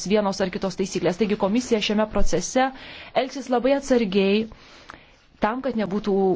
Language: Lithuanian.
taikomos vienos ar kitos taisyklės. Taigi komisija šiame procese elgsis labai atsargiai tam, kad nebūtų